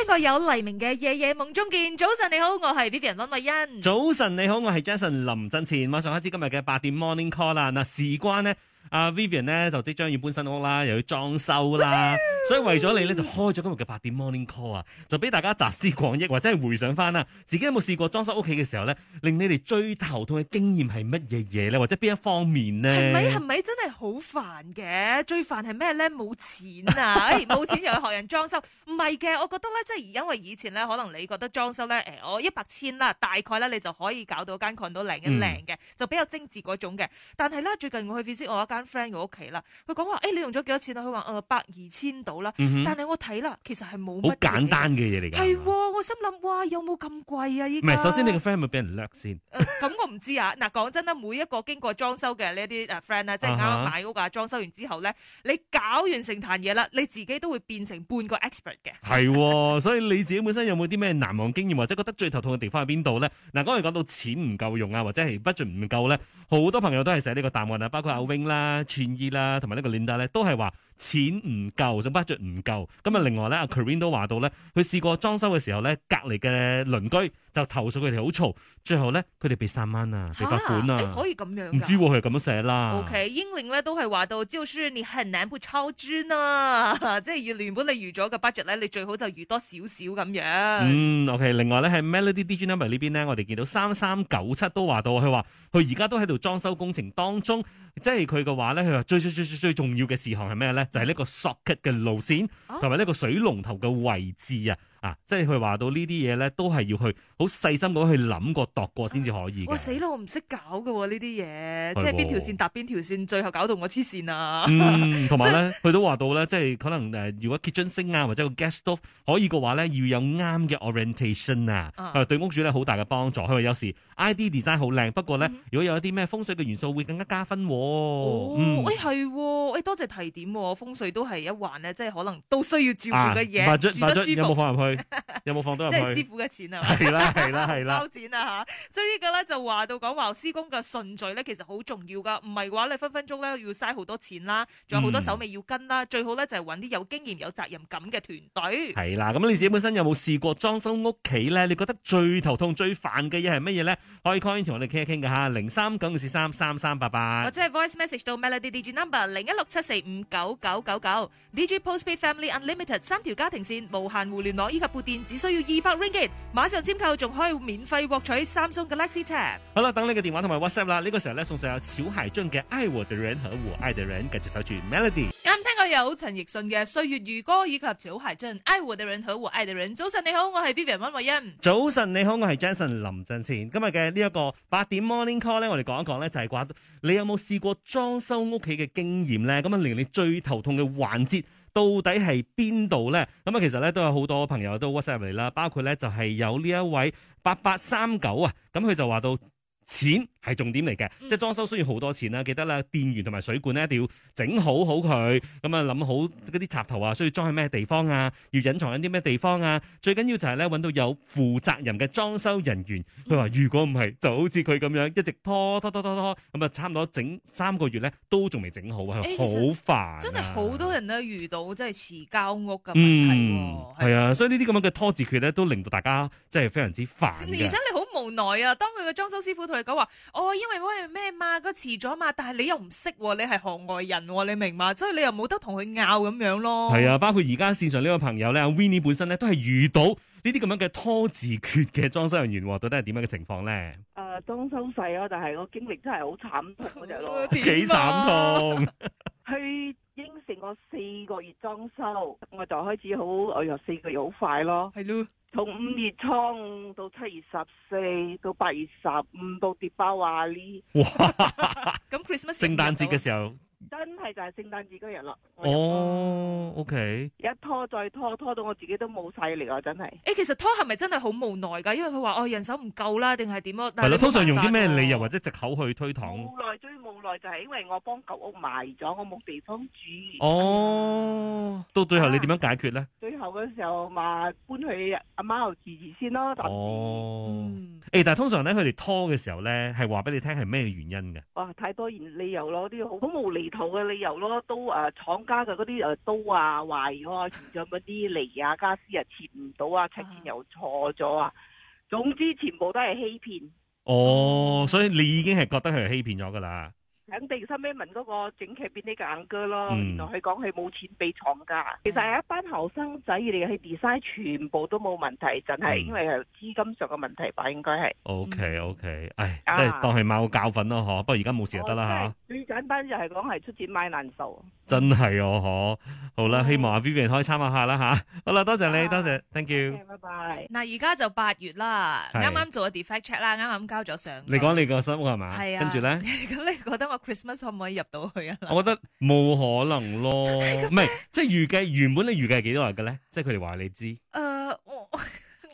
聽過有黎明嘅夜夜夢中見。早晨你好，我係 Vivian 溫慧欣。早晨你好，我係 Jason 林振前。馬上開始今日嘅八點 morning call 啦。嗱，事關呢，阿、啊、Vivian 咧就即將要搬新屋啦，又要裝修啦，所以為咗你咧就開咗今日嘅八點 morning call 啊，就俾大家集思廣益或者係回想翻啦。自己有冇試過裝修屋企嘅時候咧，令你哋最頭痛嘅經驗係乜嘢嘢咧，或者邊一方面咧？係咪係咪真係好煩嘅？最煩係咩咧？冇錢啊，冇、哎、錢又去學人裝修，唔係嘅，我覺得咧，即係因為以前咧，可能你覺得裝修咧，誒、呃，我一百千啦，大概咧你就可以搞到間 condo 靚一靚嘅，嗯、就比較精致嗰種嘅。但係咧，最近我去試試我間 friend 嘅屋企啦，佢講話誒，你用咗幾多錢啊？佢話、呃、百二千到啦。嗯、哼但係我睇啦，其實係冇乜嘢嘅。好簡單嘅嘢嚟噶。係、哦，我心諗哇，有冇咁貴啊？依家唔係，首先你個 friend 咪俾人掠先。誒、呃，咁我唔知啊。嗱，講真啦，每一個經過裝修嘅呢啲 friend 啊，即係啱啱買屋啊，裝修完之後咧，啊、哈你搞完成壇嘢啦，你自己都會變成半個 expert 嘅。係、哦， 所以你自己本身有冇啲咩難忘經驗，或者覺得最頭痛嘅地方喺邊度咧？嗱，剛才講到錢唔夠用啊，或者係 budget 唔夠咧，好多朋友都係寫呢個答案啊，包括阿 Wing 啦。啊，傳意啦，同埋呢個鏈帶咧，都係話。錢唔夠，就 budget 唔夠。咁啊，另外咧，阿 Karine 都話到咧，佢試過裝修嘅時候咧，隔離嘅鄰居就投訴佢哋好嘈，最後咧佢哋被散漫啊，啊被罰款啊、欸，可以咁樣，唔知佢係咁樣寫啦。OK，英玲咧都係話到，就是你難不超支啊， 即係原本你預咗嘅 budget 咧，你最好就預多少少咁樣。嗯，OK。另外咧喺 Melody d e n j a m i n 呢邊咧，我哋見到三三九七都話到，佢話佢而家都喺度裝修工程當中，即係佢嘅話咧，佢話最最最，最最最最最重要嘅事項係咩咧？就係呢個索 o 嘅路線同埋呢個水龍頭嘅位置啊！啊，即係佢話到呢啲嘢咧，都係要去。好細心咁去諗過度過先至可以、啊。哇死啦！我唔識搞嘅呢啲嘢，的即係邊條線搭邊條線，最後搞到我黐線啊！同埋咧，佢都話到咧，即係可能誒、呃，如果 kitchen 星啊或者個 gas stove 可以嘅話咧，要有啱嘅 orientation 啊，啊嗯、對屋主咧好大嘅幫助。因為有時 ID design 好靚，不過咧，如果有一啲咩風水嘅元素會更加加分喎、啊。哦，誒係、嗯，誒、哎哎、多謝提點喎、啊，風水都係一環咧，即係可能都需要照顧嘅嘢，住得舒服。有冇放入去？ 有冇放多入去？即係師傅嘅錢啊！係啦。係啦，係啦，收錢啊吓，所以呢個咧就話到講話施工嘅順序咧，其實好重要噶，唔係嘅話咧，你分分鐘咧要嘥好多錢啦，仲有好多手尾要跟啦，最好咧就係揾啲有經驗、有責任感嘅團隊。係啦，咁你自己本身有冇試過裝修屋企咧？你覺得最頭痛、最煩嘅嘢係乜嘢咧？可以 call in 同我哋傾一傾噶吓，零三九二四三三三八八，或者係 voice message 到 Melody Digi number 零一六七四五九九九九，Digi postpaid family unlimited 三條家庭綫無限互聯網以及撥電只需要二百 ringgit，馬上簽購。仲可以免費獲取三星 Galaxy Tab。好啦，等你嘅電話同埋 WhatsApp 啦。呢、這個時候咧，送上有小諧章嘅愛我的人和我愛的人，繼續守住 melody。啱、嗯、聽過有陳奕迅嘅歲月如歌，以及小諧章愛我的人和我愛的人。早晨你好，我係 Vivian 温慧欣。早晨你好，我係 Jason 林振前。今日嘅呢一個八點 morning call 咧，我哋講一講咧就係、是、話，你有冇試過裝修屋企嘅經驗咧？咁啊，令你最頭痛嘅環節。到底係邊度咧？咁啊，其實咧都有好多朋友都 WhatsApp 入嚟啦，包括咧就係有呢一位八八三九啊，咁佢就話到。錢係重點嚟嘅，即係裝修需要好多錢啦。記得啦，電源同埋水管咧一定要整好好佢。咁啊諗好嗰啲插頭啊，需要裝喺咩地方啊？要隱藏喺啲咩地方啊？最緊要就係咧，揾到有負責任嘅裝修人員。佢話如果唔係，就好似佢咁樣一直拖拖拖拖拖,拖,拖,拖，咁啊差唔多整三個月咧都仲未整好，係好煩。欸、真係好多人都遇到即係遲交屋嘅問題啊係啊,、嗯、係吧啊，所以呢啲咁樣嘅拖字訣咧，都令到大家即係非常之煩。而且你無奈啊！當佢個裝修師傅同你講話，哦，因為因咩嘛，個遲咗嘛，但係你又唔識，你係行外人，你明嘛？所以你又冇得同佢拗咁樣咯。係啊，包括而家線上呢個朋友咧，阿、啊、Winnie 本身咧都係遇到呢啲咁樣嘅拖字訣嘅裝修人員，到底係點樣嘅情況咧？誒、啊，裝修費咯，但係我經歷真係好慘痛嗰隻幾慘痛！ 去應承我四個月裝修，我就開始好，我呀，四個月好快咯，係咯。從五月倉到七月十四，到八月十五到迪巴瓦利，咁 Christmas 聖誕節嘅時候。真係就係聖誕節嗰日咯。哦，OK。一拖再拖，拖到我自己都冇晒力啊！真係。誒、欸，其實拖係咪真係好無奈噶？因為佢話哦，人手唔夠啦，定係點但係咯、啊，通常用啲咩理由或者借口去推搪？無奈，最無奈就係因為我幫舊屋賣咗，我冇地方住。哦。啊、到最後你點樣解決咧？最後嘅時候話搬去阿媽度住住先咯。哦。嗯誒，但係通常咧，佢哋拖嘅時候咧，係話俾你聽係咩原因嘅？哇，太多原理由咯，啲好好無厘頭嘅理由咯，都誒，廠家嘅嗰啲誒刀啊壞咗，仲有嗰啲嚟啊家私啊切唔到啊，尺寸又錯咗啊，總之全部都係欺騙。哦，所以你已經係覺得佢係欺騙咗噶啦。肯定收尾問嗰個整劇邊啲硬哥咯，原來佢講佢冇錢俾廠家，其實係一班後生仔嚟去 design，全部都冇問題，真係因為係資金上嘅問題吧，應該係。 OK OK，唉，啊、即係當係買個教訓咯，嗬。不過而家冇事就得啦，嚇、哦。Okay. 簡單就係講係出錢買難受，真係哦嗬。好啦，希望阿 Vivian 可以參考下啦吓。好啦，多謝你，Yeah. 多謝，thank you，拜拜，okay, bye。嗱是，而家就八月啦，啱啱做個 defect check 啦，啱啱交咗上。你講你個新屋係嘛？係啊。跟住咧，咁 你，你覺得我 Christmas 可唔可以入到去啊？我覺得冇可能咯，唔係、 這個，即係預計原本你預計係幾多日嘅咧？即係佢哋話你知。誒、呃，我我，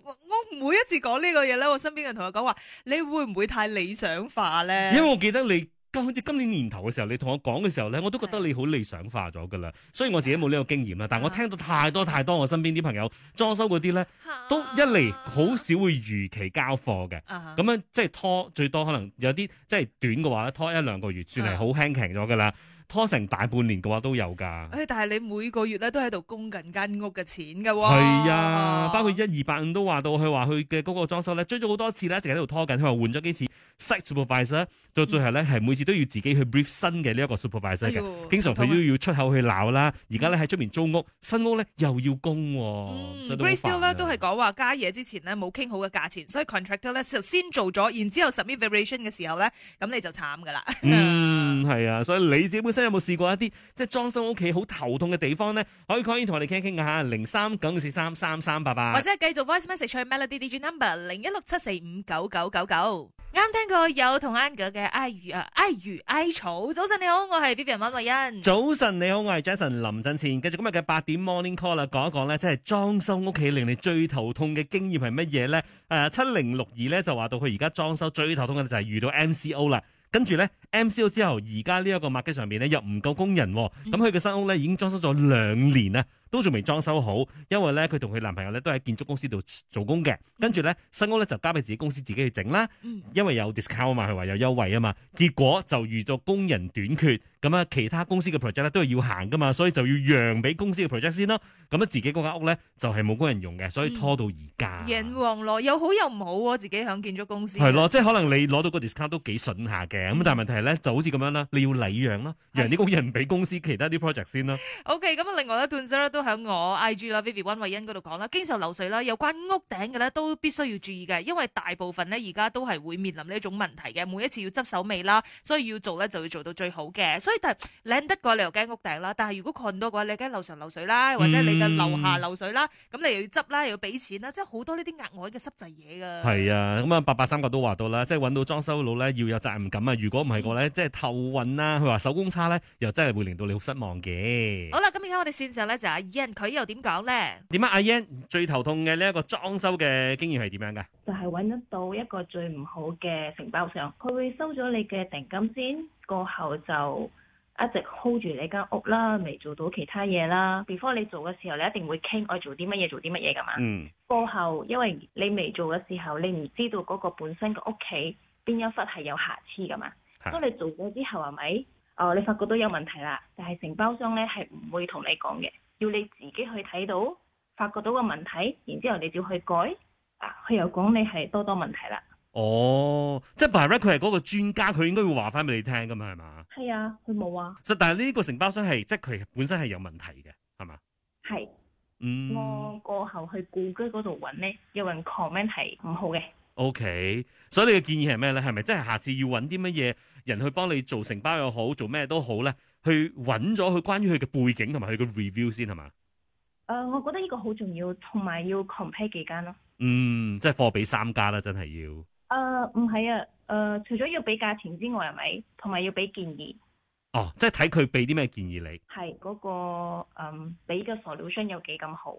我，我每一次講呢個嘢咧，我身邊嘅同學講話，你會唔會太理想化咧？因為我記得你。好似今年年頭嘅時候，你同我講嘅時候咧，我都覺得你好理想化咗噶啦。的雖然我自己冇呢個經驗啦，但係我聽到太多太多我身邊啲朋友裝修嗰啲咧，都一嚟，好少會如期交貨嘅。咁的樣即係拖最多可能有啲即係短嘅話咧，拖一兩個月算係好輕輕咗噶啦。拖成大半年嘅話都有噶，誒，但係你每個月咧都喺度供緊間屋嘅錢噶、哦，係啊，包括一二八五都話到，佢話佢嘅嗰個裝修咧追咗好多次咧，一直喺度拖緊，佢話換咗幾次 site supervisor，到最後咧係每次都要自己去 brief 新嘅呢一個 supervisor 嘅，哎、呦經常佢都要，止要，要出口去鬧啦。而家咧喺出面租屋，新屋咧又要供。哦，嗯，Bristol 咧都係講、啊、話加嘢之前咧冇傾好嘅價錢，所以 contractor 咧就先做咗，然之後 submit variation 嘅時候咧，咁你就慘噶啦。 嗯，係啊，所以你基本。即有冇試過一啲即係裝修屋企好頭痛嘅地方咧？可以可以同我哋傾一傾噶吓，零三九四三三三，八八。或者繼續 voice message 取 melody 的 number 零一六七四五九九九九。啱聽過有同 Angie 嘅哀如 I 草。早晨你好，我係 Vivian 溫慧恩。早晨你好，我係 Jason 林振前。繼續今日嘅八點 morning call 啦，講一講咧，即係裝修屋企令你最頭痛嘅經驗係乜嘢咧？誒，七零六二咧就話到佢而家裝修最頭痛嘅就係遇到 M C O 啦。跟住咧，MCO 之後，而家呢一個 market 上面咧又唔夠工人，咁佢嘅新屋咧已經裝修咗兩年啦。都仲未裝修好，因為咧佢同佢男朋友咧都喺建築公司度做工嘅，嗯、跟住咧新屋咧就交俾自己公司自己去整啦，因為有 discount 啊嘛，佢話有優惠啊嘛，結果就遇咗工人短缺，咁啊其他公司嘅 project 咧都係要行噶嘛，所以就要讓俾公司嘅 project 先咯，咁啊自己嗰間屋咧就係冇工人用嘅，所以拖到而家。人旺咯，又好又唔好，啊，自己響建築公司係咯，即係可能你攞到個 discount 都幾筍下嘅，咁、嗯、但係問題係咧就好似咁樣啦，你要禮讓咯，讓啲工人俾公司其他啲 project 先咯。OK，咁啊另外一段史咧都。向我 IG 啦，Vivi 溫慧欣嗰度講啦，經常漏水啦，有關屋頂嘅咧都必須要注意嘅，因為大部分咧而家都係會面臨呢一種問題嘅。每一次要執手尾啦，所以要做咧就要做到最好嘅。所以但係得過你又驚屋頂啦，但係如果困到嘅話，你驚樓上漏水啦，或者你嘅樓下漏水啦，咁、嗯、你又要執啦，又要俾錢啦，即係好多呢啲額外嘅濕滯嘢㗎。係啊，咁啊八八三個都話到啦，即係揾到裝修佬咧要有責任感啊！如果唔係個咧，嗯、即係透運啦，佢話手工差咧，又真係會令到你好失望嘅。好啦，咁而家我哋線上咧就 Ian 佢又點講呢？點解啊，Ian 最頭痛嘅呢一個裝修嘅經驗係點樣噶？就係揾得到一個最唔好嘅承包商，佢會收咗你嘅定金先，過後就一直 hold 住你間屋啦，未做到其他嘢啦。before 你做嘅時候，你一定會傾，我做啲乜嘢，做啲乜嘢噶嘛。嗯。過後因為你未做嘅時候，你唔知道嗰個本身個屋企邊一忽係有瑕疵噶嘛。係。當你做咗之後係咪？哦、呃，你發覺都有問題啦，但係承包商呢係唔會同你講嘅。要你自己去睇到，發覺到個問題，然之後你就去改，啊，佢又講你係多多問題啦。哦，即係，但係咧，佢係嗰個專家，佢應該會話翻俾你聽噶嘛，係嘛？係啊，佢冇啊。實但係呢個承包商係，即係佢本身係有問題嘅，係嘛？係。嗯。我過後去故居嗰度揾咧，有人 comment 係唔好嘅。OK，所以你嘅建議係咩咧？係咪即係下次要揾啲乜嘢人去幫你做承包又好，做咩都好咧？去揾咗佢關於佢嘅背景同埋佢嘅 review 先係嘛？誒、呃，我覺得呢個好重要，同埋要 compare 幾間咯。嗯，即係貨比三家啦，真係要。誒唔係啊，誒、呃、除咗要俾價錢之外，係咪同埋要俾建議？哦，即係睇佢俾啲咩建議你？係嗰、那個誒，俾嘅塑料箱有幾咁好？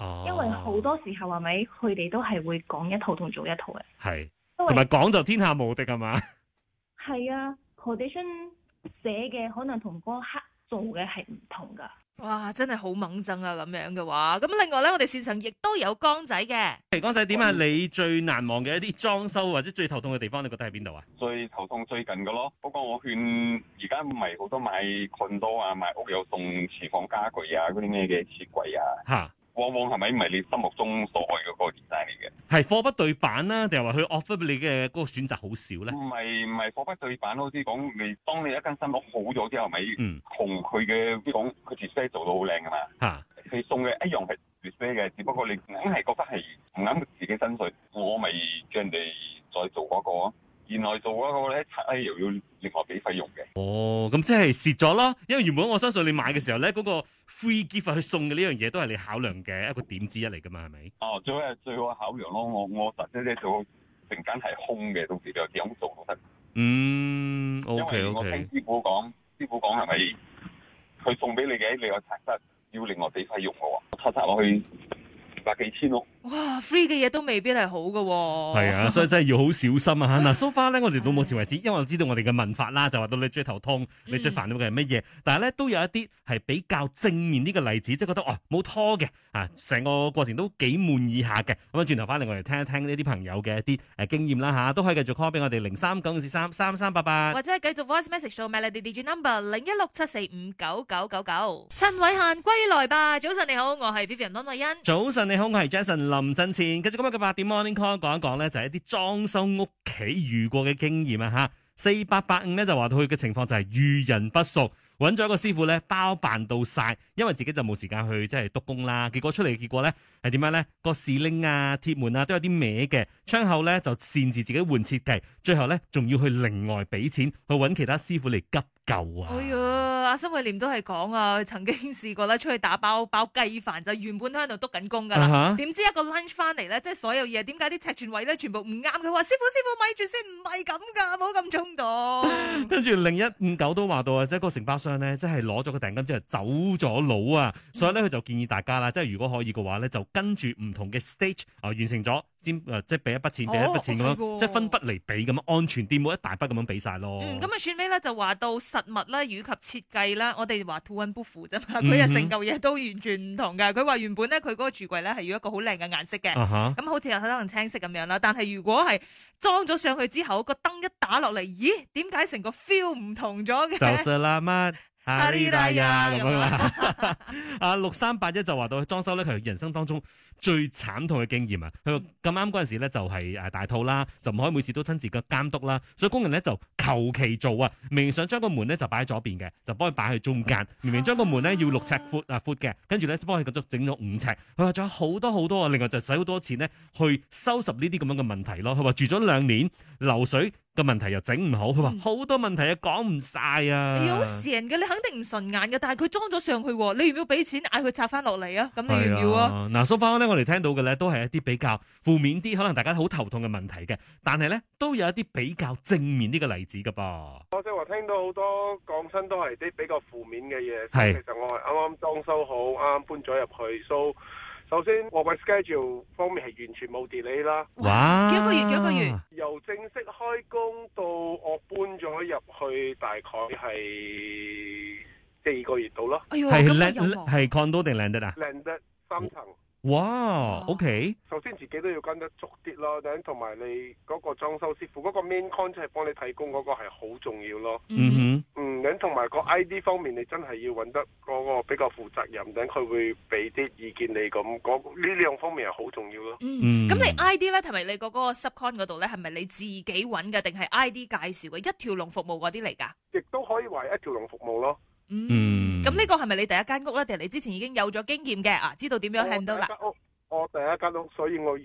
哦，因為好多時候係咪佢哋都係會講一套同做一套嘅？係，同埋講就天下無敵㗎嘛？係啊，condition。 寫嘅可能同嗰刻做嘅係唔同噶。哇！真係好猛憎啊，咁樣嘅話，咁另外咧，我哋線上亦都有光仔嘅。嚟光仔點啊？嗯、你最難忘嘅一啲裝修或者最頭痛嘅地方，你覺得喺邊度啊？最頭痛最近嘅咯，不過我勸而家唔係好多買困多啊，買屋有送廚房家具啊，嗰啲咩嘅設櫃啊吓。往往係咪唔係你心目中所愛嘅嗰個 design 嚟嘅？係貨不對版啦，定係話佢 offer 你嘅嗰個選擇好少咧？唔係唔係貨不對版，好似講你當你一間新屋好咗之後，咪同佢嘅，比如講佢 design 做到好靚嘅嘛嚇，佢、啊、送嘅一樣係 design 嘅，只不過你硬係覺得係唔啱自己身水。我咪叫人哋再做嗰個，原來做嗰個咧拆又要另外俾費用嘅。哦，咁即係蝕咗咯，因為原本我相信你買嘅時候咧嗰個。free gift 佢送嘅呢樣嘢都係你考量嘅一個點之一嚟噶嘛，係咪？哦，最好係最好考量咯，我我實際咧就成間係空嘅，到時又點做都得。嗯，O K O K。我聽師傅講，嗯、okay, 師傅講係咪佢送俾你嘅，你又拆失，要另外俾費用我啊？拆拆落去二百幾千咯。哇，free 嘅嘢都未必係好㗎喎。係啊，所以真係要好小心啊！嗱，so far 咧，我哋到目前為止，因為我知道我哋嘅問法啦，就話到你最頭痛，你最煩嘅係乜嘢。但係咧都有一啲係比較正面啲嘅例子，即係覺得哦冇拖嘅，啊成個過程都幾滿意下嘅。咁啊，轉頭翻嚟我哋聽一聽呢啲朋友嘅一啲誒經驗啦吓，都可以繼續 call 俾我哋零三九四三三三八八，或者係繼續 voice message 到 melody digital number 零一六七四五九九九九。陳偉嫻歸來吧，早晨你好，我係 Vivian 溫慧欣。早晨你好，我係 Jason。林振臨陣前，繼續今日嘅八點 morning call，講一講咧就係一啲裝修屋企遇過嘅經驗啊吓，四八八五咧就話到佢嘅情況就係遇人不淑。揾咗一個師傅咧，包辦到晒，因為自己就冇時間去即係督工啦。結果出嚟嘅結果咧係點樣咧？個士拎啊、鐵門啊都有啲歪嘅，窗口咧就擅自自己換設計，最後咧仲要去另外俾錢去揾其他師傅嚟急救啊！哎呀，阿心慧念都係講啊，曾經試過咧出去打包包雞飯就原本都喺度督緊工噶啦，點、uh huh. 知一個 lunch 翻嚟咧，即係所有嘢點解啲尺寸位咧全部唔啱？佢話師傅師傅咪住先，唔係咁噶，冇咁衝動。跟住零一五九都話到啊，即係個承包。商咧，即係攞咗個訂金之後走咗佬啊！所以咧，佢就建議大家啦，即係如果可以嘅話咧，就跟住唔同嘅 stage 啊、哦，完成咗。先即係俾一筆錢，俾一筆錢咁樣，哦、即係分筆嚟俾咁樣，安全啲冇一大筆咁樣俾晒咯。嗯，咁啊，最尾咧就話到實物咧，以及設計啦，我哋話圖文不符啫嘛。佢啊，成嚿嘢都完全唔同嘅。佢話、嗯、原本咧，佢嗰個櫥櫃咧係要一個好靚嘅顏色嘅，咁、啊、哈好似有可能青色咁樣啦。但係如果係裝咗上去之後，個燈一打落嚟，咦？點解成個 feel 唔同咗嘅？就係啦，乜？係呀，咁樣六三八一就話到裝修咧，佢人生當中最慘痛嘅經驗啊。佢咁啱嗰陣時咧就係誒大肚啦，就唔可以每次都親自嘅監督啦。所以工人咧就求其做啊，明明想將個門咧就擺喺左邊嘅，就幫佢擺喺中間。明明將個門咧要六尺闊啊闊嘅，跟住咧幫佢咁樣整咗五尺。佢話仲有好多好多啊，另外就使好多錢咧去收拾呢啲咁樣嘅問題咯。佢話住咗兩年，漏水。個問題又整唔好，佢話好多問題啊，講唔晒啊！你好邪嘅，你肯定唔順眼嘅，但係佢裝咗上去，你要唔要俾錢嗌佢拆翻落嚟啊？咁你、啊、要唔要啊？嗱，蘇芳咧，我哋聽到嘅咧都係一啲比較負面啲，可能大家好頭痛嘅問題嘅，但係咧都有一啲比較正面啲嘅例子噶噃。我即係話聽到好多降薪都係啲比較負面嘅嘢，係是其實我係啱啱裝修好，啱啱搬咗入去，收。.首先，我哋 schedule 方面係完全冇 delay 啦。哇，幾個月，幾個月。由正式開工到我搬咗入去，大概係，四個月到咯。哎喲，呃、呃，係 condo 定 landed 啊？Landed，三層。哇 Wow，OK，首先自己都要跟得足啲咯，等同埋你嗰個裝修師傅嗰、嗰個 main con 即係幫你提供嗰個係好重要咯，嗯哼、mm，嗯，等同埋個 ID 方面你真係要揾得嗰個比較負責任，等佢會俾啲意見你咁，呢、嗰、兩方面係好重要咯。Mm hmm. 嗯，咁你 ID 咧同埋你個嗰個 sub con 嗰度咧係咪你自己揾噶，定係 ID 介紹嘅一條龍服務嗰啲嚟噶？亦都可以話一條龍服務咯。嗯，咁呢個係咪你第一間屋咧？定係你之前已經有咗經驗嘅啊？知道點樣 handle 啦？我第一間屋，我第一間屋，所以我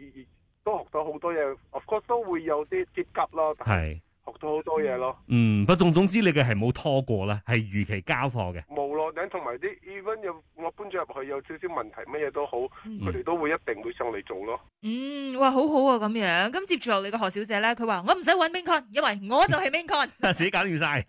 都學到好多嘢，of course 都會有啲跌急咯，但係學到好多嘢咯。嗯，不總總之你嘅係冇拖過啦，係如期交貨嘅。冇咯，咁同埋啲 even 有我搬咗入去有少少問題，乜嘢都好，佢哋都會一定會上嚟做咯。嗯，哇，好好啊，咁樣。咁接住落嚟嘅何小姐咧，佢話我唔使搵 Main Con，因為我就係 Main Con，自己搞掂晒。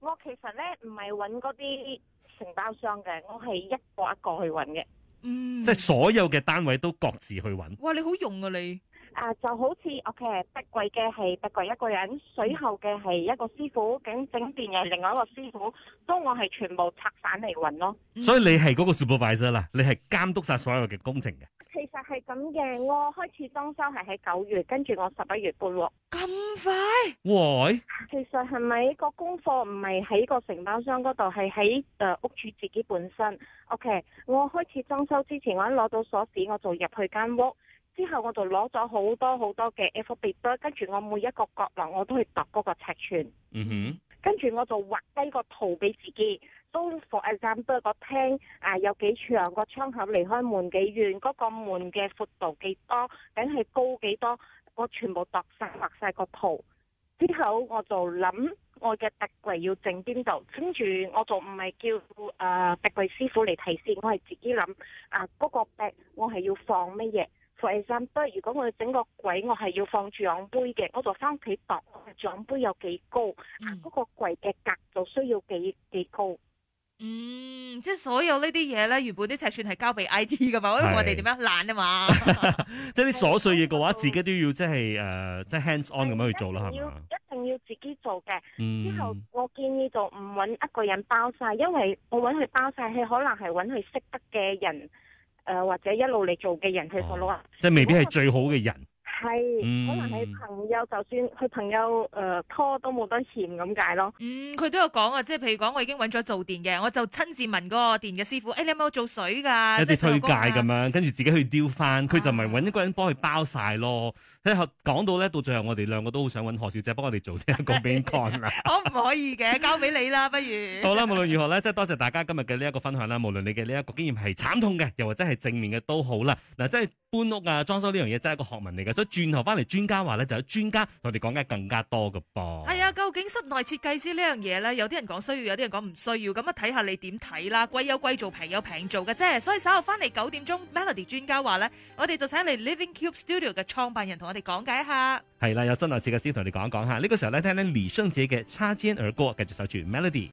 我其實咧唔係搵嗰啲承包商嘅，我係一個一個去搵嘅。嗯，即係所有嘅單位都各自去搵。哇，你好用啊你！啊，uh, 就好似我嘅壁櫃嘅係壁櫃一個人，水喉嘅係一個師傅，整整電嘅係另外一個師傅，都我係全部拆散嚟搵咯。所以你係嗰個 supervisor 啦，你係監督晒所有嘅工程嘅。其實係咁嘅，我開始裝修係喺九月，跟住我十一月半喎。咁快？喂！其實係咪個功課唔係喺個承包商嗰度，係喺誒屋主自己本身。O、okay, K，我開始裝修之前，我一攞到鎖匙，我就入去間屋。之後我就攞咗好多好多嘅 F B 刀，跟住我每一個角落我都去揼嗰個尺寸。嗯哼。跟住我就畫低個圖俾自己，都房站都個廳啊，有幾長個窗口，離開門幾遠，嗰、那個門嘅闊度幾多，梗係高幾多，我全部度晒，畫晒個圖。之後我就諗我嘅壁櫃要整邊度，跟住我就唔係叫誒壁櫃師傅嚟提示，我係自己諗啊嗰、那個壁我係要放乜嘢。放起身，不如果我要整個櫃，我係要放住獎杯嘅。我就翻屋企度獎杯有幾高，嗰、嗯、個櫃嘅格就需要幾幾高。嗯，即係所有呢啲嘢咧，原本啲尺寸係交俾 I T 噶嘛，是我哋點樣懶啊嘛？ 即係啲瑣碎嘢嘅話，自己都要即係誒，即係 hands on 咁樣去做啦，一要吧一定要自己做嘅。嗯、之後我建議就唔搵一個人包晒，因為我搵佢包晒，佢可能係搵佢識得嘅人。誒，或者一路嚟做嘅人係十六啊，即係未必係最好嘅人，係、嗯、可能係朋友，就算佢朋友誒、呃、拖都冇得錢咁解咯。嗯，佢都有講啊，即係譬如講，我已經揾咗做電嘅，我就親自問嗰個電嘅師傅，誒、欸，你有冇做水？噶有啲推介咁樣，啊、跟住自己去丟返，佢就咪揾一個人幫佢包晒。咯。啊即講到咧，到最後我哋兩個都好想揾何小姐幫我哋做呢一個餅乾啦。 我唔可以嘅， 交俾你啦，不如。好啦，無論如何咧，即係多謝大家今日嘅呢一個分享啦。無論你嘅呢一個經驗係慘痛嘅，又或者係正面嘅都好啦。嗱、呃，即係搬屋啊、裝修呢樣嘢真係一個學問嚟嘅。所以轉頭翻嚟，專家話咧就有專家，我哋講緊更加多嘅噃。係啊、哎，究竟室內設計師呢樣嘢咧，有啲人講需要，有啲人講唔需要，咁啊睇下你點睇啦。貴有貴做，平有平做嘅啫。所以稍後翻嚟九點鐘，Melody 專家話咧，我哋就請嚟 Living Cube Studio 嘅創辦人同。我哋講解一下，係 啦，有新歌設計師同你講一講吓。呢、這個時候咧，聽咧李聖傑嘅《擦肩而過》，繼續守住 melody。